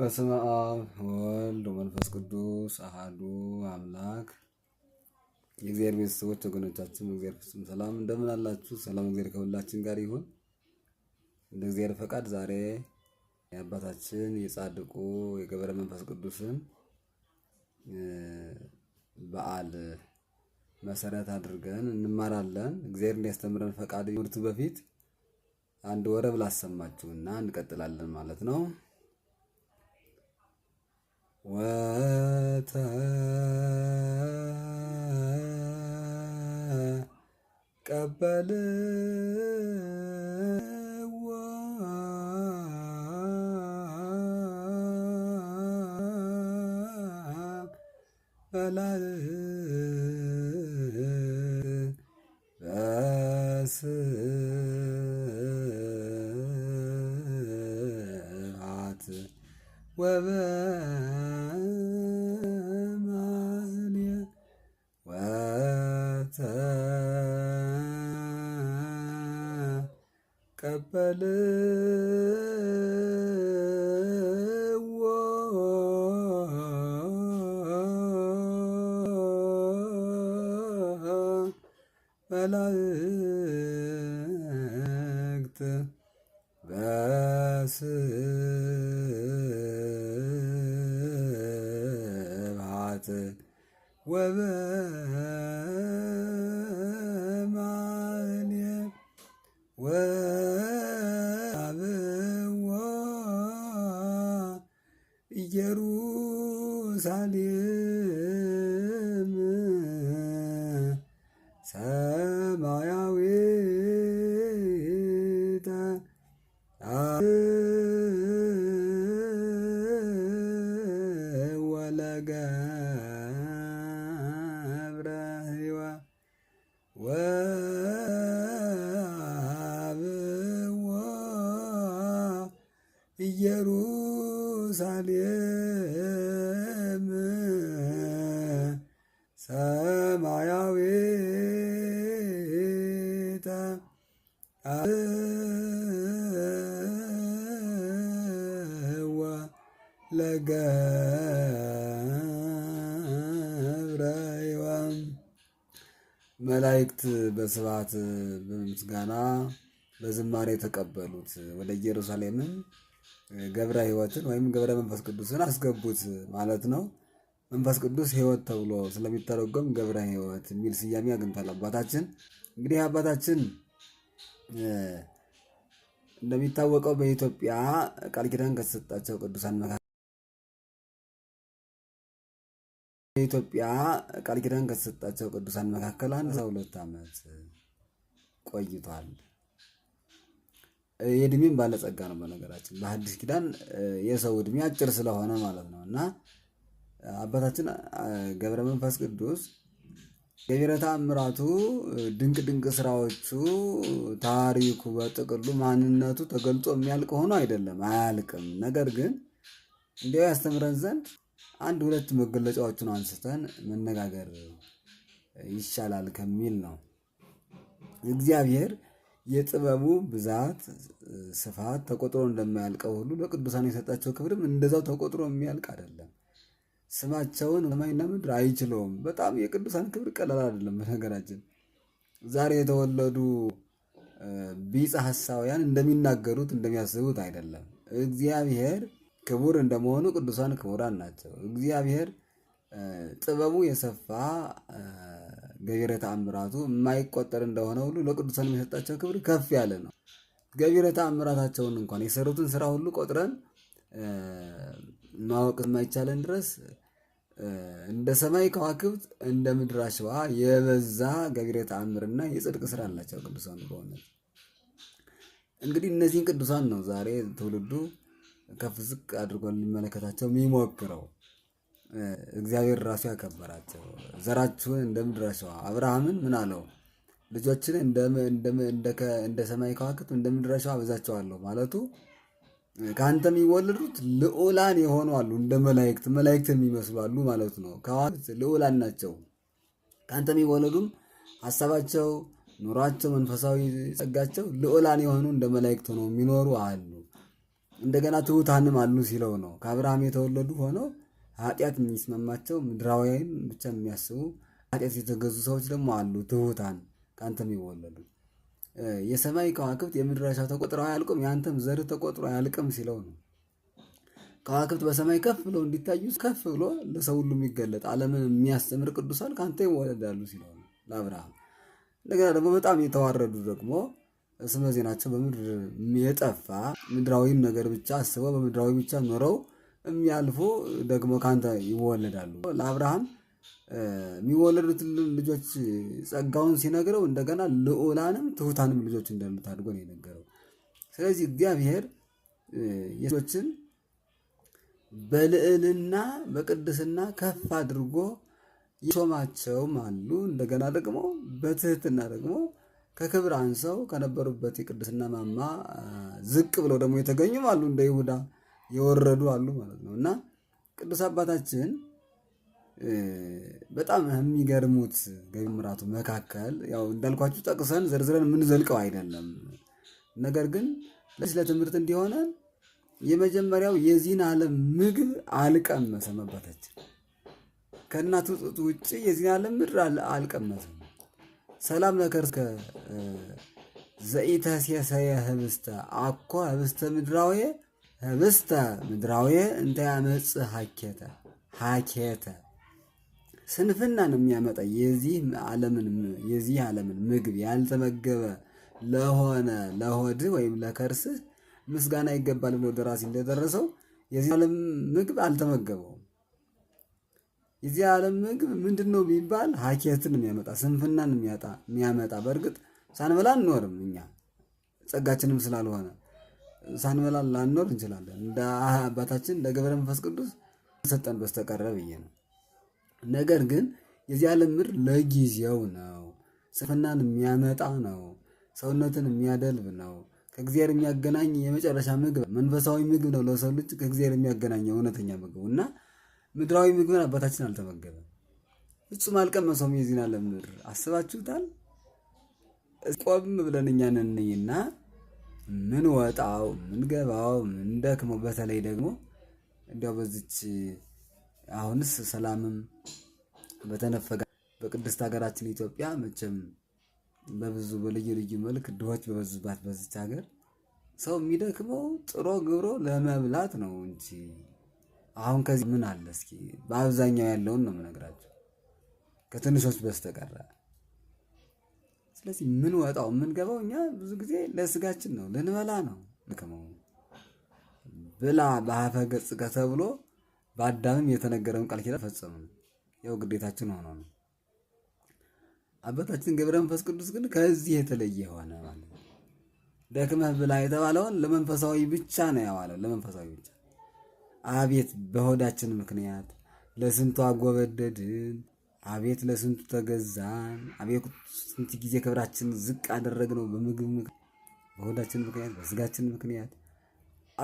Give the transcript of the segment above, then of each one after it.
በስመ አብ ወልድ መንፈስ ቅዱስ አሃዱ አምላክ። የእግዚአብሔር ቤተሰቦች ወገኖቻችን፣ እግዚአብሔር ፍጹም ሰላም እንደምን አላችሁ? ሰላም እግዚአብሔር ከሁላችን ጋር ይሁን። እንደ እግዚአብሔር ፈቃድ ዛሬ የአባታችን የጻድቁ የገብረ መንፈስ ቅዱስን በዓል መሰረት አድርገን እንማራለን። እግዚአብሔር እንዲያስተምረን ፈቃድ ይሁንቱ። በፊት አንድ ወረብ ላሰማችሁና እንቀጥላለን ማለት ነው። ወተቀበል በላይ በስዓት ወበ ቀበለ መላእክት በስብሐት ወበማንየ ወ ሰማያዊተ አልወ ለገብረ መላእክት በስብሐት በምስጋና በዝማሬ የተቀበሉት ወደ ኢየሩሳሌምም ገብረ ሕይወትን ወይም ገብረ መንፈስ ቅዱስን አስገቡት ማለት ነው። መንፈስ ቅዱስ ሕይወት ተብሎ ስለሚተረጎም ገብረ ሕይወት የሚል ስያሜ አግኝቷል። አባታችን እንግዲህ አባታችን እንደሚታወቀው በኢትዮጵያ ቃል ኪዳን ከተሰጣቸው ቅዱሳን መካከል በኢትዮጵያ ቃል ኪዳን ከተሰጣቸው ቅዱሳን መካከል አንድ ሰው ሁለት ዓመት ቆይቷል። የእድሜም ባለጸጋ ነው። በነገራችን በሐዲስ ኪዳን የሰው እድሜ አጭር ስለሆነ ማለት ነው እና አባታችን ገብረ መንፈስ ቅዱስ የብሔረ ተአምራቱ ድንቅ ድንቅ ስራዎቹ ታሪኩ በጥቅሉ ማንነቱ ተገልጾ የሚያልቅ ሆኖ አይደለም፣ አያልቅም። ነገር ግን እንዲያው ያስተምረን ዘንድ አንድ ሁለት መገለጫዎቹን አንስተን መነጋገር ይሻላል ከሚል ነው። እግዚአብሔር የጥበቡ ብዛት ስፋት ተቆጥሮ እንደማያልቀው ሁሉ ለቅዱሳን የሰጣቸው ክብርም እንደዛው ተቆጥሮ የሚያልቅ አይደለም። ስማቸውን ሰማይና ምድር አይችለውም። በጣም የቅዱሳን ክብር ቀላል አይደለም። በነገራችን ዛሬ የተወለዱ ቢጸ ሐሳውያን እንደሚናገሩት እንደሚያስቡት አይደለም። እግዚአብሔር ክቡር እንደመሆኑ ቅዱሳን ክቡራን ናቸው። እግዚአብሔር ጥበቡ የሰፋ ገቢረ ተአምራቱ የማይቆጠር እንደሆነ ሁሉ ለቅዱሳን የሚሰጣቸው ክብር ከፍ ያለ ነው። ገቢረ ተአምራታቸውን እንኳን የሰሩትን ስራ ሁሉ ቆጥረን ማወቅ የማይቻለን ድረስ እንደ ሰማይ ከዋክብት እንደ ምድር አሸዋ የበዛ ገቢረ ተአምርና የጽድቅ ስራ አላቸው ቅዱሳን። በእውነት እንግዲህ እነዚህን ቅዱሳን ነው ዛሬ ትውልዱ ከፍ ዝቅ አድርጎ ሊመለከታቸው የሚሞክረው። እግዚአብሔር ራሱ ያከበራቸው ዘራችሁን እንደ ምድር አሸዋ። አብርሃምን ምን አለው? ልጆችን እንደ ሰማይ ከዋክብት እንደ ምድር አሸዋ አበዛቸዋለሁ ማለቱ ከአንተ የሚወለዱት ልዑላን የሆኑ አሉ፣ እንደ መላእክት መላእክት የሚመስሉ አሉ ማለት ነው። ከዋክብት ልዑላን ናቸው። ከአንተ የሚወለዱም ሀሳባቸው፣ ኑሯቸው፣ መንፈሳዊ ጸጋቸው ልዑላን የሆኑ እንደ መላእክት ሆነው የሚኖሩ አሉ። እንደገና ትሑታንም አሉ ሲለው ነው። ከአብርሃም የተወለዱ ሆነው ኃጢአት የሚስማማቸው ምድራዊያን ብቻ የሚያስቡ ኃጢአት የተገዙ ሰዎች ደግሞ አሉ፣ ትሑታን ከአንተ የሚወለዱ የሰማይ ከዋክብት የምድራቸው ተቆጥረው አያልቁም፣ የአንተም ዘር ተቆጥሮ አያልቅም ሲለው ነው። ከዋክብት በሰማይ ከፍ ብለው እንዲታዩ ከፍ ብሎ ለሰው ሁሉ የሚገለጥ ዓለምን የሚያስተምር ቅዱሳን ከአንተ ይወለዳሉ ሲለው ነው ለአብርሃም። እንደገና ደግሞ በጣም የተዋረዱ ደግሞ ስመ ዜናቸው በምድር የጠፋ ምድራዊም ነገር ብቻ አስበው በምድራዊ ብቻ ኖረው የሚያልፉ ደግሞ ከአንተ ይወለዳሉ ለአብርሃም የሚወለዱት ልጆች ጸጋውን ሲነግረው እንደገና ልዑላንም ትሑታንም ልጆች እንዳሉት አድርጎ ነው የነገረው። ስለዚህ እግዚአብሔር የልጆችን በልዕልና በቅድስና ከፍ አድርጎ የሾማቸውም አሉ። እንደገና ደግሞ በትህትና ደግሞ ከክብር አንሰው ከነበሩበት የቅድስና ማማ ዝቅ ብለው ደግሞ የተገኙም አሉ። እንደ ይሁዳ የወረዱ አሉ ማለት ነው እና ቅዱስ አባታችን በጣም የሚገርሙት ገቢ ምራቱ መካከል ያው እንዳልኳችሁ ጠቅሰን ዘርዝረን የምንዘልቀው አይደለም። ነገር ግን ለዚህ ለትምህርት እንዲሆነ የመጀመሪያው የዚህን ዓለም ምግብ አልቀመሰም አባታችን ከእናቱ ጡት ውጭ የዚህን ዓለም ምድር አልቀመሰም። ሰላም ለከርስከ ዘኢተሴሰየ ህብስተ አኮ ህብስተ ምድራዊ ህብስተ ምድራዊ እንተ ያመጽእ ሀኬተ ሀኬተ ስንፍናን የሚያመጣ የዚህ ዓለምን የዚህ ዓለምን ምግብ ያልተመገበ ለሆነ ለሆድህ ወይም ለከርስህ ምስጋና ይገባል ብሎ ደራሲ እንደደረሰው የዚህ ዓለም ምግብ አልተመገበውም። የዚህ ዓለም ምግብ ምንድን ነው ቢባል ሀኬትን የሚያመጣ ስንፍናን የሚያመጣ በእርግጥ ሳንበላ አንኖርም። እኛ ጸጋችንም ስላልሆነ ሳንበላ ላንኖር እንችላለን። እንደ አባታችን እንደ ገብረ መንፈስ ቅዱስ ሰጠን በስተቀረ ብዬ ነው። ነገር ግን የዚህ ዓለም ምድር ለጊዜው ነው። ስንፍናን የሚያመጣ ነው። ሰውነትን የሚያደልብ ነው። ከእግዚአብሔር የሚያገናኝ የመጨረሻ ምግብ መንፈሳዊ ምግብ ነው። ለሰው ልጅ ከእግዚአብሔር የሚያገናኝ እውነተኛ ምግብ እና ምድራዊ ምግብን አባታችን አልተመገበም፣ ፍጹም አልቀመሰውም። የዚህን ዓለም ምድር አስባችሁታል? ቆም ብለን እኛን እንይና ምን ወጣው ምን ገባው ምን ደክመው በተለይ ደግሞ እንዲያው በዚች አሁንስ ሰላምም በተነፈገ በቅድስት ሀገራችን ኢትዮጵያ መቼም በብዙ በልዩ ልዩ መልክ ድሆች በበዙባት በዚች ሀገር ሰው የሚደክመው ጥሮ ግብሮ ለመብላት ነው እንጂ አሁን ከዚህ ምን አለ? እስኪ በአብዛኛው ያለውን ነው የምነግራቸው ከትንሾች በስተቀረ። ስለዚህ ምን ወጣው ምን ገባው? እኛ ብዙ ጊዜ ለስጋችን ነው ልንበላ ነው ልክመው ብላ በሀፈ ገጽ ከተብሎ በአዳምም የተነገረውን ቃል ኪዳን ፈጸሙ። ያው ግዴታችን ሆኖ ነው። አባታችን ገብረ መንፈስ ቅዱስ ግን ከዚህ የተለየ ሆነ ማለት ነው። ደክመህ ብላ የተባለውን ለመንፈሳዊ ብቻ ነው ያዋለው፣ ለመንፈሳዊ ብቻ። አቤት በሆዳችን ምክንያት ለስንቱ አጎበደድን፣ አቤት ለስንቱ ተገዛን፣ አቤት ስንት ጊዜ ክብራችን ዝቅ አደረግነው በምግብ በሆዳችን ምክንያት በስጋችን ምክንያት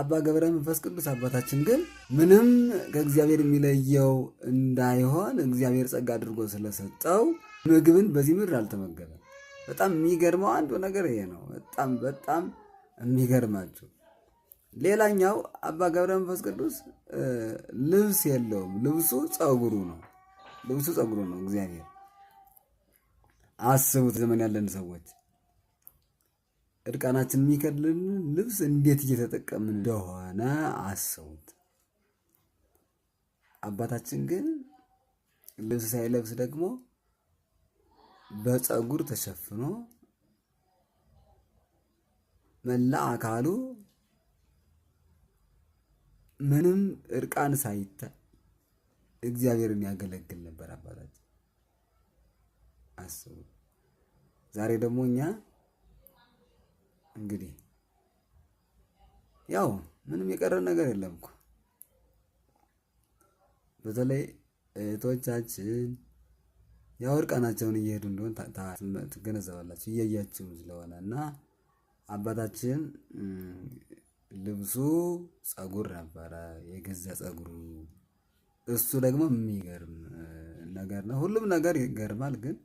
አባ ገብረ መንፈስ ቅዱስ አባታችን ግን ምንም ከእግዚአብሔር የሚለየው እንዳይሆን እግዚአብሔር ጸጋ አድርጎ ስለሰጠው ምግብን በዚህ ምድር አልተመገበም። በጣም የሚገርመው አንዱ ነገር ይሄ ነው። በጣም በጣም የሚገርማችሁ ሌላኛው አባ ገብረ መንፈስ ቅዱስ ልብስ የለውም። ልብሱ ጸጉሩ ነው። ልብሱ ጸጉሩ ነው። እግዚአብሔር አስቡት፣ ዘመን ያለን ሰዎች እርቃናችን የሚከልል ልብስ እንዴት እየተጠቀምን እንደሆነ አስቡት። አባታችን ግን ልብስ ሳይለብስ ደግሞ በፀጉር ተሸፍኖ መላ አካሉ ምንም እርቃን ሳይታይ እግዚአብሔርን ያገለግል ነበር አባታችን። አስቡት። ዛሬ ደግሞ እኛ እንግዲህ ያው ምንም የቀረን ነገር የለም እኮ በተለይ እህቶቻችን ያው እርቃናቸውን እየሄዱ እንደሆን ትገነዘባላችሁ እያያችሁ ስለሆነ እና አባታችን ልብሱ ጸጉር ነበረ፣ የገዛ ጸጉሩ። እሱ ደግሞ የሚገርም ነገር ነው። ሁሉም ነገር ይገርማል፣ ግን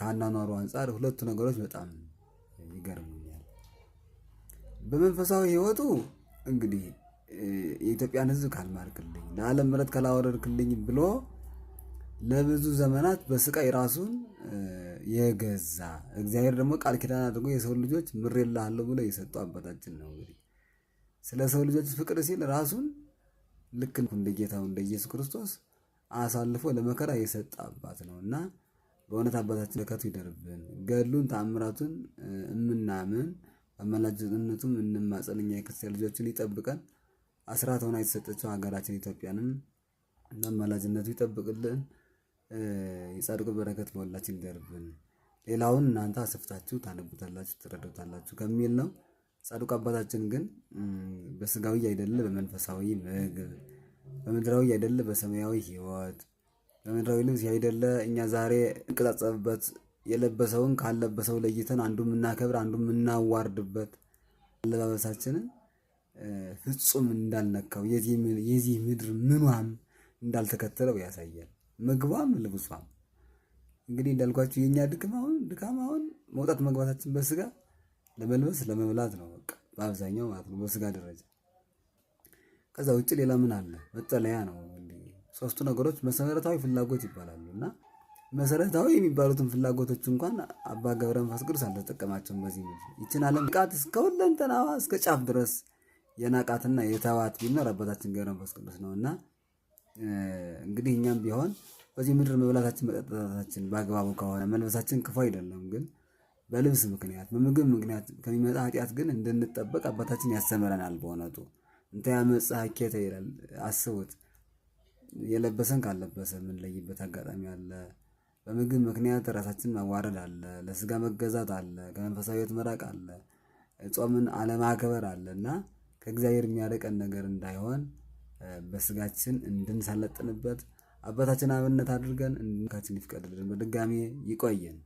ከአናኗሩ አንጻር ሁለቱ ነገሮች በጣም ይገርሙ በመንፈሳዊ ህይወቱ እንግዲህ የኢትዮጵያን ህዝብ ካልማርክልኝ፣ ለዓለም ምሕረት ካላወረድክልኝ ብሎ ለብዙ ዘመናት በስቃይ ራሱን የገዛ እግዚአብሔር ደግሞ ቃል ኪዳን አድርጎ የሰው ልጆች ምሬልሃለሁ ብሎ የሰጡ አባታችን ነው። እንግዲህ ስለ ሰው ልጆች ፍቅር ሲል ራሱን ልክ እንደ ጌታው እንደ ኢየሱስ ክርስቶስ አሳልፎ ለመከራ የሰጠ አባት ነው እና በእውነት አባታችን በረከቱ ይደርብን። ገድሉን ተአምራቱን እምናምን አማላጅነቱም እንማጸን እኛ የክርስቲያን ልጆችን ይጠብቀን። አስራት ሆና የተሰጠችው ሀገራችን ኢትዮጵያንም አማላጅነቱ ይጠብቅልን። የጻድቁ በረከት በሁላችን ይደርብን። ሌላውን እናንተ አስፍታችሁ ታነቡታላችሁ፣ ትረዱታላችሁ ከሚል ነው። ጻድቁ አባታችን ግን በስጋዊ አይደለ በመንፈሳዊ ምግብ፣ በምድራዊ አይደለ በሰማያዊ ህይወት በምድራዊ ልብስ አይደለ እኛ ዛሬ እንቀጻጸብበት የለበሰውን ካለበሰው ለይተን አንዱ የምናከብር አንዱ የምናዋርድበት አለባበሳችንን ፍጹም እንዳልነካው የዚህ ምድር ምኗም እንዳልተከተለው ያሳያል። ምግቧም ልብሷም እንግዲህ እንዳልኳቸው የእኛ ድክም አሁን ድካም አሁን መውጣት መግባታችን በስጋ ለመልበስ ለመብላት ነው፣ በቃ በአብዛኛው ማለት ነው በስጋ ደረጃ። ከዛ ውጭ ሌላ ምን አለ? መጠለያ ነው። ሶስቱ ነገሮች መሰረታዊ ፍላጎት ይባላሉ እና መሰረታዊ የሚባሉትን ፍላጎቶች እንኳን አባ ገብረ መንፈስ ቅዱስ አልተጠቀማቸውም። በዚህ ይችን ዓለም ቃት እስከ ሁለንተናዋ እስከ ጫፍ ድረስ የናቃትና የተዋት ቢኖር አባታችን ገብረ መንፈስ ቅዱስ ነው እና እንግዲህ እኛም ቢሆን በዚህ ምድር መብላታችን መጠጣታችን በአግባቡ ከሆነ መልበሳችን ክፉ አይደለም። ግን በልብስ ምክንያት በምግብ ምክንያት ከሚመጣ ኃጢአት ግን እንድንጠበቅ አባታችን ያስተምረናል። በእውነቱ እንተ ያመፅ ሀኬተ ይላል። አስቡት የለበሰን ካለበሰ የምንለይበት አጋጣሚ አለ። በምግብ ምክንያት ራሳችን መዋረድ አለ፣ ለስጋ መገዛት አለ፣ ከመንፈሳዊ ሕይወት መራቅ አለ፣ ጾምን አለማክበር አለ እና ከእግዚአብሔር የሚያርቀን ነገር እንዳይሆን በስጋችን እንድንሰለጥንበት አባታችን አብነት አድርገን እንድንካችን ይፍቀድልን። በድጋሚ ይቆየን።